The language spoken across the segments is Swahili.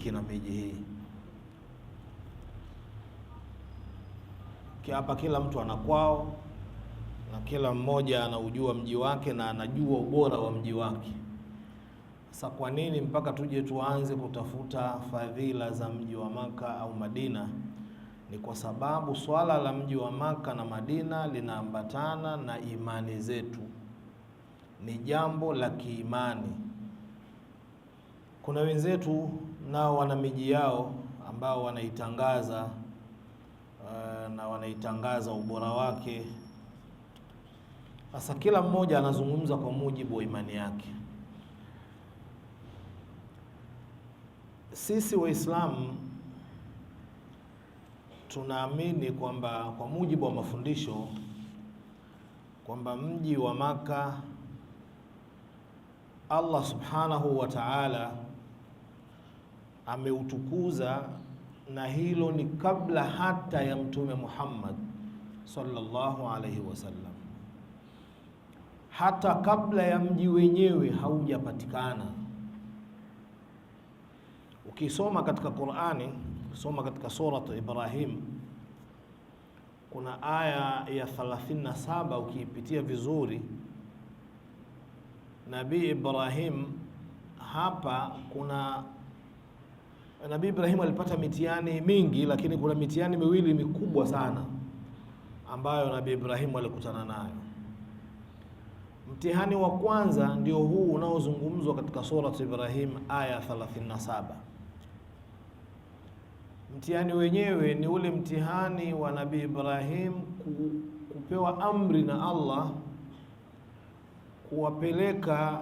hiki na miji hii. Hapa kila mtu ana kwao na kila mmoja anaujua mji wake na anajua ubora wa mji wake. Sasa kwa nini mpaka tuje tuanze kutafuta fadhila za mji wa Maka au Madina? Ni kwa sababu swala la mji wa Maka na Madina linaambatana na imani zetu, ni jambo la kiimani. Kuna wenzetu nao wana miji yao ambao wanaitangaza uh, na wanaitangaza ubora wake. Sasa kila mmoja anazungumza kwa mujibu wa imani yake. Sisi Waislamu tunaamini kwamba kwa mujibu wa mafundisho kwamba mji wa Maka Allah Subhanahu wa Ta'ala ameutukuza, na hilo ni kabla hata ya Mtume Muhammad sallallahu alaihi wasallam, hata kabla ya mji wenyewe haujapatikana. Ukisoma katika Qur'ani, ukisoma katika Surat Ibrahim kuna aya ya 37 ukiipitia vizuri, Nabii Ibrahim hapa kuna Nabii Ibrahim alipata mitihani mingi, lakini kuna mitihani miwili mikubwa sana ambayo Nabii Ibrahim alikutana nayo. Mtihani wa kwanza ndio huu unaozungumzwa katika Surat Ibrahim aya 37. Mtihani wenyewe ni ule mtihani wa Nabii Ibrahim kupewa amri na Allah kuwapeleka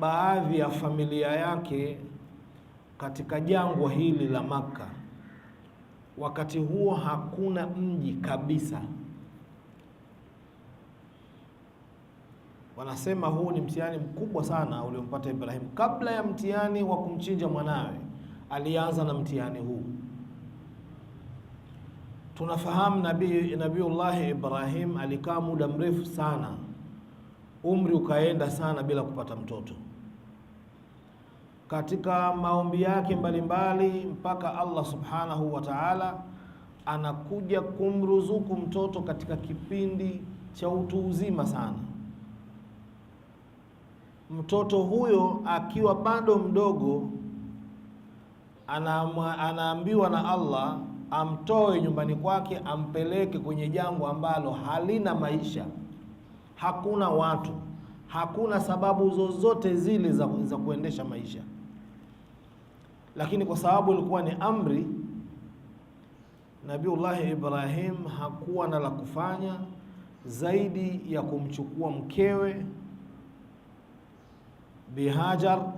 baadhi ya familia yake katika jangwa hili la Makka. Wakati huo hakuna mji kabisa. Wanasema huu ni mtihani mkubwa sana uliompata Ibrahimu. Kabla ya mtihani wa kumchinja mwanawe, alianza na mtihani huu. Tunafahamu nabii Nabiullahi Ibrahim alikaa muda mrefu sana, umri ukaenda sana bila kupata mtoto katika maombi yake mbalimbali mpaka Allah subhanahu wa ta'ala anakuja kumruzuku mtoto katika kipindi cha utu uzima sana. Mtoto huyo akiwa bado mdogo, anaambiwa na Allah amtoe nyumbani kwake, ampeleke kwenye jango ambalo halina maisha, hakuna watu, hakuna sababu zozote zile za, za kuendesha maisha lakini kwa sababu ilikuwa ni amri, Nabiullahi Ibrahim hakuwa na la kufanya zaidi ya kumchukua mkewe Bihajar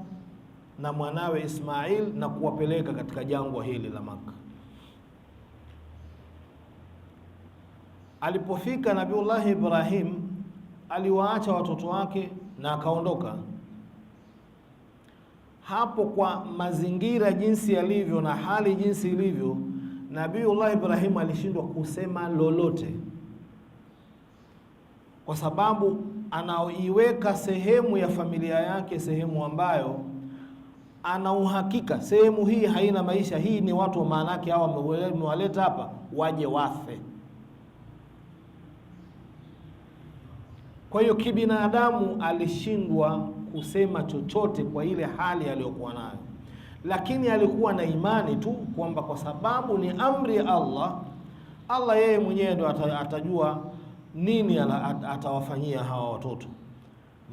na mwanawe Ismail na kuwapeleka katika jangwa hili la Maka. Alipofika Nabiullahi Ibrahim aliwaacha watoto wake na akaondoka hapo kwa mazingira jinsi yalivyo na hali jinsi ilivyo, nabiullahi Ibrahimu alishindwa kusema lolote, kwa sababu anaiweka sehemu ya familia yake, sehemu ambayo ana uhakika sehemu hii haina maisha. Hii ni watu wa maana yake, hawa wamewaleta hapa waje wafe. Kwa hiyo kibinadamu alishindwa kusema chochote kwa ile hali aliyokuwa nayo, lakini alikuwa na imani tu kwamba kwa sababu ni amri ya Allah, Allah yeye mwenyewe ndo atajua nini atawafanyia hawa watoto,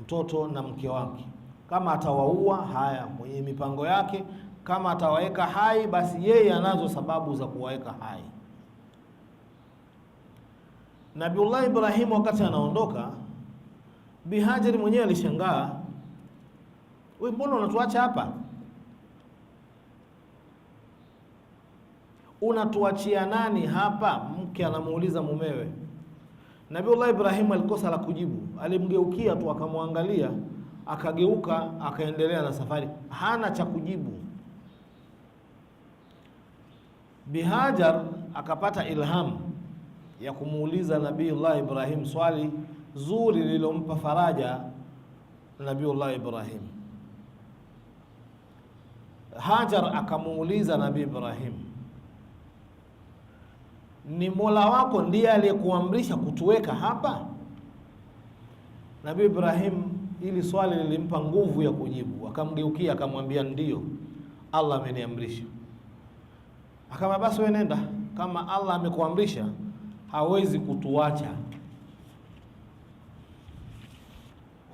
mtoto na mke wake. Kama atawaua, haya mwenye mipango yake. Kama atawaweka hai, basi yeye anazo sababu za kuwaweka hai. Nabiullah Ibrahimu wakati anaondoka, Bihajari mwenyewe alishangaa wewe mbona unatuacha hapa? Unatuachia nani hapa? Mke anamuuliza mumewe. Nabiullah Ibrahim alikosa la kujibu, alimgeukia tu akamwangalia, akageuka akaendelea na safari, hana cha kujibu. Bihajar akapata ilhamu ya kumuuliza Nabiullah Ibrahim swali zuri lililompa faraja Nabiullah Ibrahim Hajar akamuuliza Nabii Ibrahim, ni Mola wako ndiye aliyekuamrisha kutuweka hapa? Nabii Ibrahim hili swali lilimpa nguvu ya kujibu, akamgeukia akamwambia, ndiyo, Allah ameniamrisha. Akama basi, wewe nenda, kama Allah amekuamrisha hawezi kutuacha.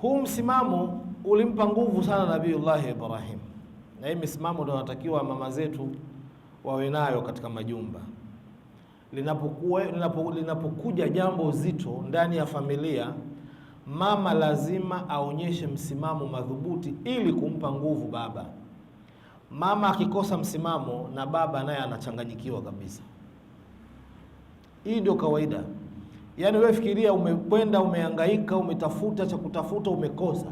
Huu msimamo ulimpa nguvu sana nabiullahi Ibrahim na hii misimamo ndio mama zetu wawe nayo katika majumba. Linapokuwa linapokuja jambo zito ndani ya familia, mama lazima aonyeshe msimamo madhubuti ili kumpa nguvu baba. Mama akikosa msimamo, na baba naye anachanganyikiwa kabisa. Hii ndio kawaida. Yaani wewe fikiria, umekwenda umehangaika, umetafuta cha kutafuta, umekosa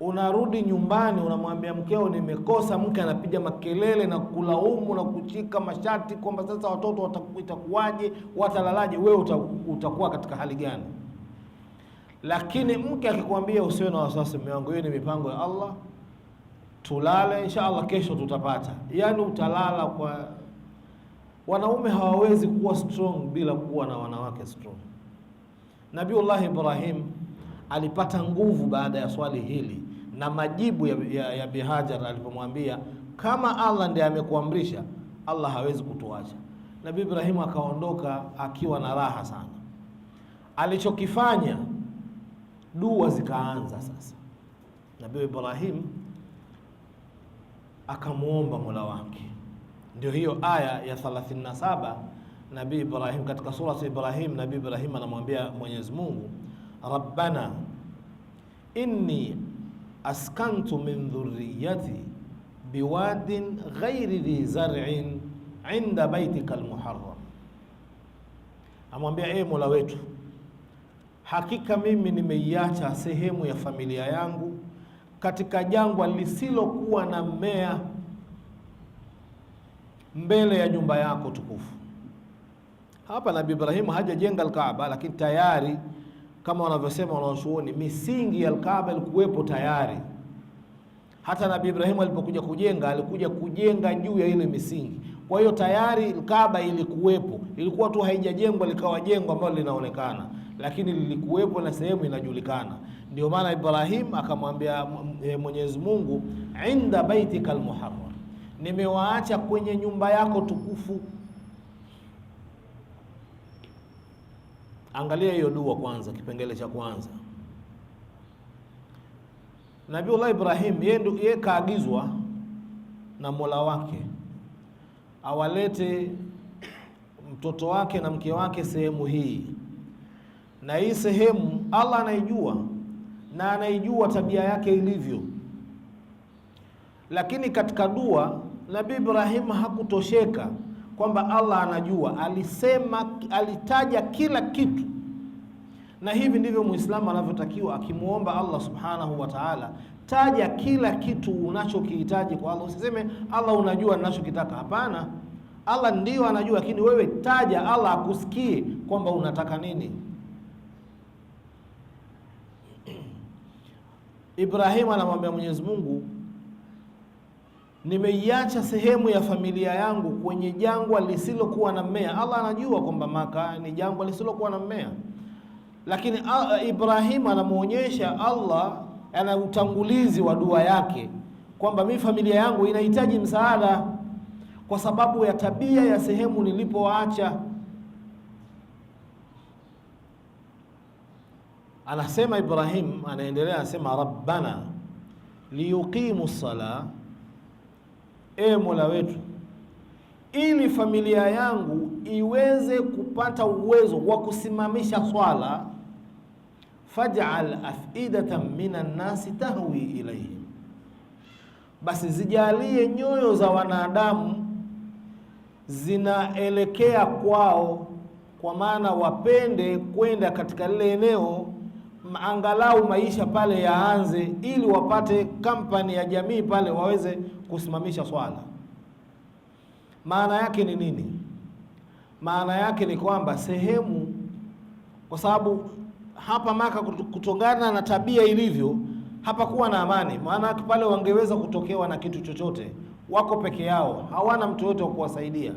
unarudi nyumbani, unamwambia mkeo nimekosa, mke anapiga makelele na kulaumu na kuchika mashati kwamba sasa watoto itakuwaje, watalalaje, wewe utakuwa katika hali gani? Lakini mke akikwambia usiwe na wasiwasi, mume wangu, hiyo ni mipango ya Allah, tulale insha Allah, kesho tutapata, yani utalala kwa wanaume hawawezi kuwa strong bila kuwa na wanawake strong. Nabiullahi Ibrahim alipata nguvu baada ya swali hili, na majibu ya, ya, ya Bihajar alipomwambia kama Allah ndiye amekuamrisha, Allah hawezi kutuacha. Nabii Ibrahimu akaondoka akiwa na raha sana. Alichokifanya, dua zikaanza sasa. Nabii Ibrahimu akamwomba Mola wake, ndio hiyo aya ya 37 Nabii Ibrahim katika ya Ibrahim, Nabii Ibrahim anamwambia Mwenyezi Mungu, rabbana inni askantu min dhurriyati biwadin ghairi dhi zar'in inda baitika lmuharam amwambia ee Mola wetu, hakika mimi nimeiacha sehemu ya familia yangu katika jangwa lisilokuwa na mmea mbele ya nyumba yako tukufu. Hapa Nabii Ibrahimu hajajenga Alkaaba, lakini tayari kama wanavyosema wanachuoni, misingi ya Alkaaba ilikuwepo tayari. Hata nabi Ibrahimu alipokuja kujenga, alikuja kujenga juu ya ile misingi. Kwa hiyo tayari Alkaaba ilikuwepo, ilikuwa tu haijajengwa likawa jengo ambalo linaonekana, lakini lilikuwepo na sehemu inajulikana. Ndio maana Ibrahim akamwambia Mwenyezi Mungu, inda baitika almuharram, nimewaacha kwenye nyumba yako tukufu Angalia hiyo dua kwanza, kipengele cha kwanza. Nabiullah Ibrahim yeye kaagizwa na Mola wake awalete mtoto wake na mke wake sehemu hii, na hii sehemu Allah anaijua na anaijua tabia yake ilivyo, lakini katika dua Nabii Ibrahim hakutosheka kwamba Allah anajua, alisema, alitaja kila kitu, na hivi ndivyo Muislamu anavyotakiwa akimwomba Allah subhanahu wa taala. Taja kila kitu unachokihitaji kwa Allah. Usiseme Allah unajua ninachokitaka, hapana. Allah ndiyo anajua, lakini wewe taja, Allah akusikie kwamba unataka nini. Ibrahim anamwambia Mwenyezi Mungu nimeiacha sehemu ya familia yangu kwenye jangwa lisilokuwa na mmea. Allah anajua kwamba Maka ni jangwa lisilokuwa na mmea, lakini ah, ah, Ibrahim anamwonyesha Allah ana utangulizi wa dua yake kwamba mi familia yangu inahitaji msaada kwa sababu ya tabia ya sehemu nilipoacha. Anasema Ibrahim, anaendelea anasema, rabbana liyuqimu ssalah E Mola wetu, ili familia yangu iweze kupata uwezo wa kusimamisha swala, faj'al afidatan minan nasi tahwi ilaihim, basi zijalie nyoyo za wanadamu zinaelekea kwao, kwa maana wapende kwenda katika lile eneo angalau maisha pale yaanze, ili wapate kampani ya jamii pale waweze kusimamisha swala. Maana yake ni nini? Maana yake ni kwamba sehemu, kwa sababu hapa Maka kutogana na tabia ilivyo hapakuwa na amani. Maana yake pale wangeweza kutokewa na kitu chochote, wako peke yao, hawana mtu yoyote wa kuwasaidia.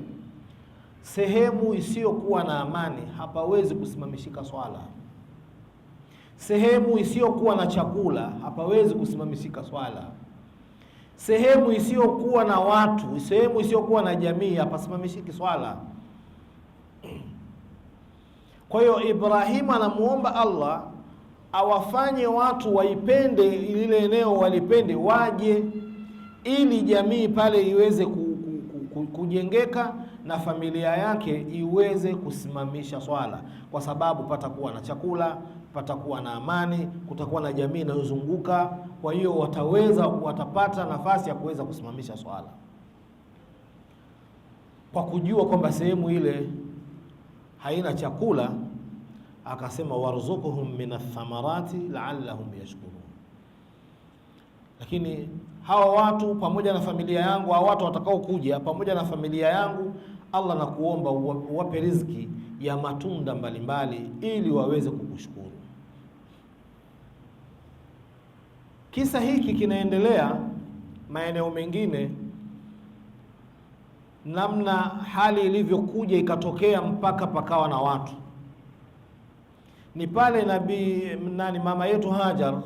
Sehemu isiyokuwa na amani hapawezi kusimamishika swala. Sehemu isiyokuwa na chakula hapawezi kusimamishika swala. Sehemu isiyokuwa na watu, sehemu isiyokuwa na jamii hapasimamishiki swala. Kwa hiyo Ibrahimu anamuomba Allah awafanye watu waipende lile eneo, walipende waje, ili jamii pale iweze kujengeka na familia yake iweze kusimamisha swala, kwa sababu patakuwa na chakula patakuwa na amani, kutakuwa na jamii inayozunguka. Kwa hiyo wataweza, watapata nafasi ya kuweza kusimamisha swala kwa kujua kwamba sehemu ile haina chakula. Akasema warzukuhum min athamarati la'allahum yashkurun. Lakini hawa watu pamoja na familia yangu, hawa watu watakaokuja pamoja na familia yangu, Allah nakuomba uwape riziki ya matunda mbalimbali, ili waweze kukushukuru. Kisa hiki kinaendelea maeneo mengine, namna hali ilivyokuja ikatokea mpaka pakawa na watu, ni pale nabii nani, mama yetu Hajar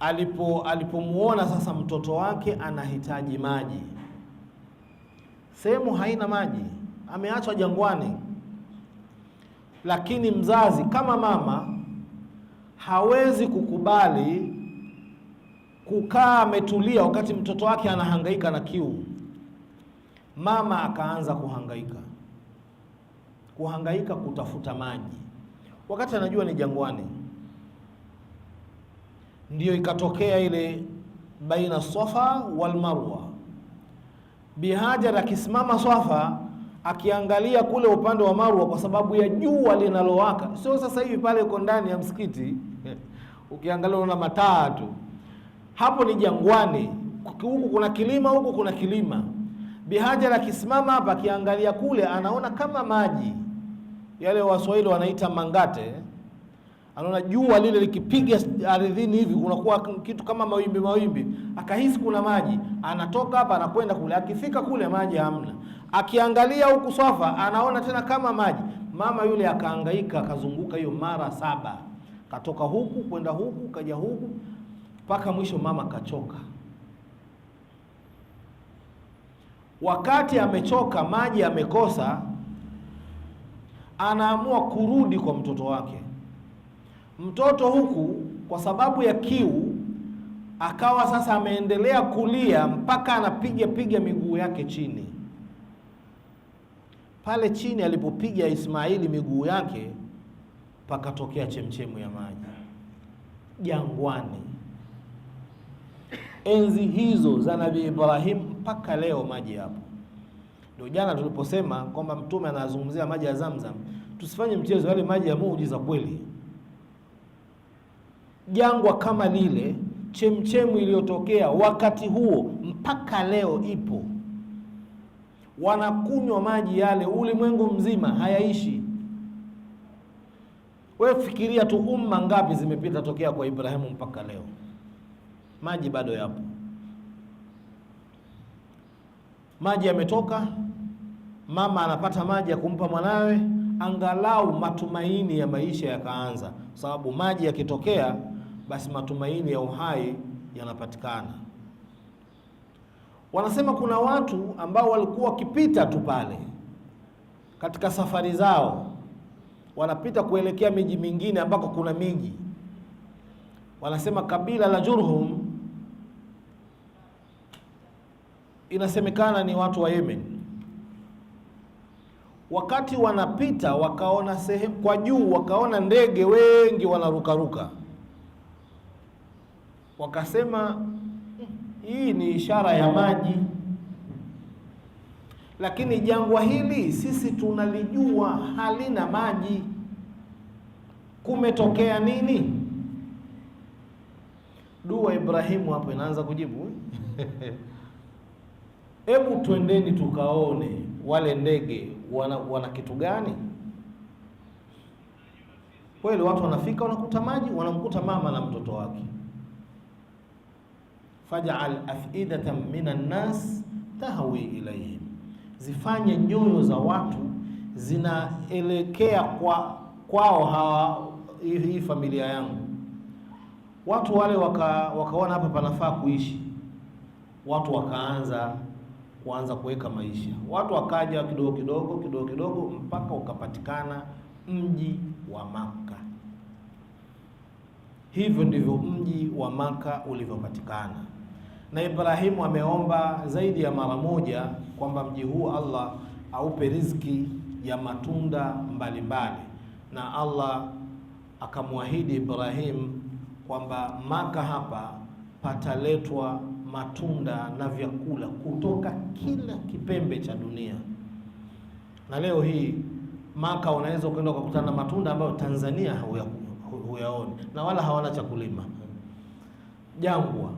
alipo alipomuona sasa mtoto wake anahitaji maji, sehemu haina maji, ameachwa jangwani, lakini mzazi kama mama hawezi kukubali kukaa ametulia wakati mtoto wake anahangaika na kiu. Mama akaanza kuhangaika kuhangaika kutafuta maji, wakati anajua ni jangwani. Ndiyo ikatokea ile baina Safa wal Marwa, bihaja akisimama swafa akiangalia kule upande wa Marwa kwa sababu ya jua linalowaka. Sio sasa hivi pale uko ndani ya msikiti eh, ukiangalia unaona mataa tu, hapo ni jangwani, huku kuna kilima, huku kuna kilima. Bihajar akisimama hapa akiangalia kule anaona kama maji yale, Waswahili wanaita mangate eh anaona jua lile likipiga ardhini hivi kunakuwa kitu kama mawimbi mawimbi, akahisi kuna maji, anatoka hapa anakwenda kule. Akifika kule maji hamna, akiangalia huku Swafa anaona tena kama maji. Mama yule akaangaika akazunguka hiyo mara saba, katoka huku kwenda huku, kaja huku, mpaka mwisho mama kachoka. Wakati amechoka, maji amekosa, anaamua kurudi kwa mtoto wake mtoto huku kwa sababu ya kiu akawa sasa ameendelea kulia mpaka anapiga piga miguu yake chini. Pale chini alipopiga Ismaili miguu yake, pakatokea chemchemu ya maji jangwani. Enzi hizo za Nabii Ibrahim mpaka leo maji yapo Ndio jana tuliposema kwamba Mtume anazungumzia maji ya Zamzam, tusifanye mchezo, yale maji ya muujiza kweli jangwa kama lile, chemchemu iliyotokea wakati huo mpaka leo ipo. Wanakunywa maji yale ulimwengu mzima, hayaishi. We fikiria tu, umma ngapi zimepita tokea kwa Ibrahimu mpaka leo, maji bado yapo. Maji yametoka, mama anapata maji ya kumpa mwanawe, angalau matumaini ya maisha yakaanza, sababu maji yakitokea basi matumaini ya uhai yanapatikana. Wanasema kuna watu ambao walikuwa wakipita tu pale katika safari zao, wanapita kuelekea miji mingine ambako kuna miji. Wanasema kabila la Jurhum inasemekana ni watu wa Yemen. Wakati wanapita wakaona sehemu kwa juu, wakaona ndege wengi wanarukaruka wakasema hii ni ishara ya maji, lakini jangwa hili sisi tunalijua halina maji. Kumetokea nini? Dua Ibrahimu hapo inaanza kujibu. Hebu twendeni tukaone wale ndege wana, wana kitu gani? Kweli watu wanafika wanakuta maji, wanamkuta mama na mtoto wake faj'al af'idatan minan nas tahwi ilayhim, zifanye nyoyo za watu zinaelekea kwa kwao hawa, hii familia yangu. Watu wale wakaona hapa panafaa kuishi, watu wakaanza kuanza kuweka maisha, watu wakaja kidogo kidogo kidogo kidogo mpaka ukapatikana mji wa Maka. Hivyo ndivyo mji wa Maka ulivyopatikana na Ibrahimu ameomba zaidi ya mara moja kwamba mji huu Allah aupe riziki ya matunda mbalimbali mbali. Na Allah akamwahidi Ibrahim kwamba Maka hapa pataletwa matunda na vyakula kutoka kila kipembe cha dunia. Na leo hii Maka unaweza kwenda ukakutana na matunda ambayo Tanzania huyaoni na wala hawana cha kulima jangwa